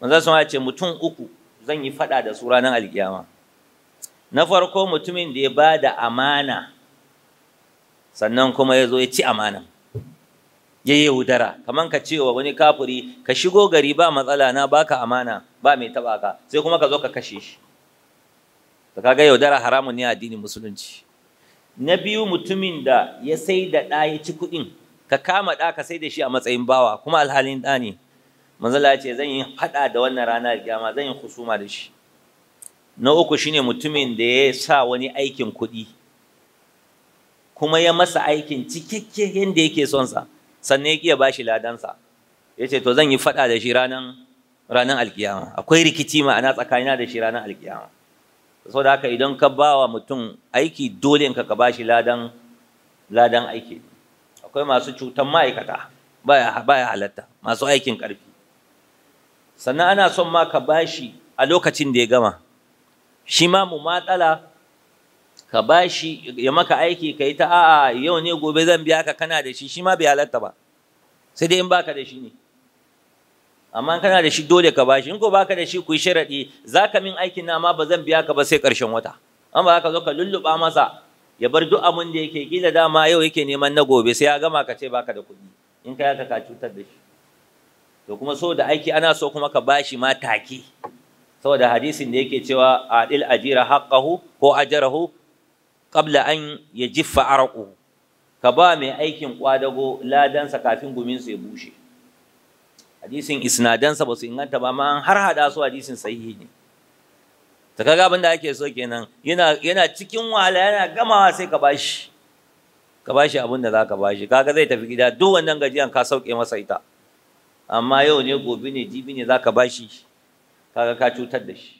manzan sun ya ce mutum uku zan yi faɗa da su ranar alkiyama na farko mutumin da ya ba da amana sannan kuma ya zo ya ci amana ya yi yaudara kamar ka ce wa wani kafuri ka shigo gari ba matsala na baka amana ba mai taɓa ka sai kuma ka zo ka kashe shi da kaga yaudara haramun ne a addinin musulunci na biyu mutumin da ya sai da ɗa ya ci kuɗin ka kama ɗa ka sai da shi a matsayin bawa kuma alhalin ɗa ne Allah ya ce zan yi faɗa da wannan rana kiyama zan yi husuma da shi na uku shine mutumin da ya sa wani aikin kuɗi kuma ya masa aikin cikakke yadda yake son sa sannan ya kiya bashi ladansa ya ce to zan yi faɗa da shi ranan ranan alkiyama akwai rikici ma'ana tsakanina da shi ranan alkiyama saboda haka idan ka ba wa mutum aiki dole in ka ba bashi ladan ladan aiki akwai masu cutan ma'aikata baya baya halatta masu aikin ƙarfi sannan ana son ma ka bashi a lokacin da ya gama shi ma mu matsala ka bashi ya maka aiki ka yi ta a'a yau ne gobe zan biya ka kana da shi shi ma bai halatta ba sai dai in baka da shi ne amma kana da shi dole ka bashi in ko baka da shi ku yi sharaɗi za ka min aikin na ma ba zan biya ka ba sai ƙarshen wata an ba ka zo ka lulluɓa masa ya bar duk abin da yake kila dama yau yake neman na gobe sai ya gama ka ce baka da kuɗi in ka yaka ka cutar da shi to kuma so da aiki ana so kuma ka bashi ma take saboda hadisin da yake cewa adil ajira haqqahu ko ajarahu qabla an yajiffa arqu ka ba mai aikin kwadago ladansa kafin guminsa ya bushe hadisin isnadansa ba su inganta ba amma an har hada su hadisin sahihi ne ta kaga abin da ake so kenan yana yana cikin wahala yana gamawa sai ka bashi ka bashi abin da za ka bashi kaga zai tafi gida duk wannan gajiyan ka sauke masa ita amma yau ne gobe ne jibi ne zaka shi kaga ka cutar da shi